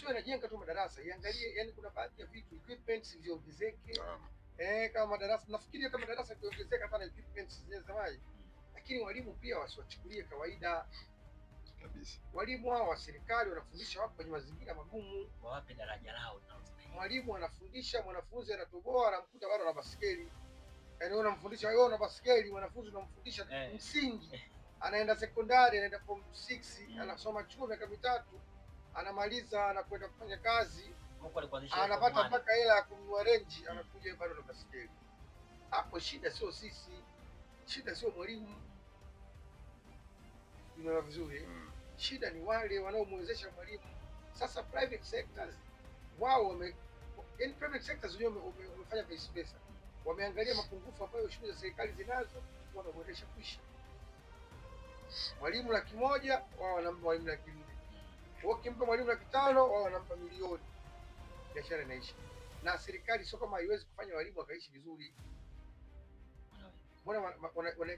sio inajenga tu madarasa, iangalie yani kuna baadhi ya vitu equipments ziongezeke. Eh, kama madarasa nafikiri hata madarasa yakiongezeka pana equipments zinazamaji, lakini walimu pia wasiwachukulie kawaida kabisa. Walimu hao wa serikali wanafundisha wapo kwenye mazingira magumu, wawape daraja lao. Mwalimu anafundisha mwanafunzi anatoboa, anamkuta bado na basikeli, yaani wewe unamfundisha wewe una basikeli, mwanafunzi unamfundisha eh. msingi, anaenda sekondari, anaenda form 6 mm. anasoma chuo miaka mitatu anamaliza anakwenda kufanya kazi, anapata mpaka hela ya kununua renji, anakuja bado na basikeli. Hapo shida sio sisi, shida sio mwalimu mea vizuri mm. Shida ni wale wanaomwezesha mwalimu. Sasa private sectors wao wame, in private sectors wenyewe wamefanya vice versa, wameangalia mapungufu ambayo shule za serikali zinazo, wanaboresha. kuisha mwalimu laki moja wao wanampa mwalimu laki nne wakimpa mwalimu laki tano wao wanampa milioni, biashara inaisha. Na serikali sio kama haiwezi kufanya walimu wakaishi vizuri, mbona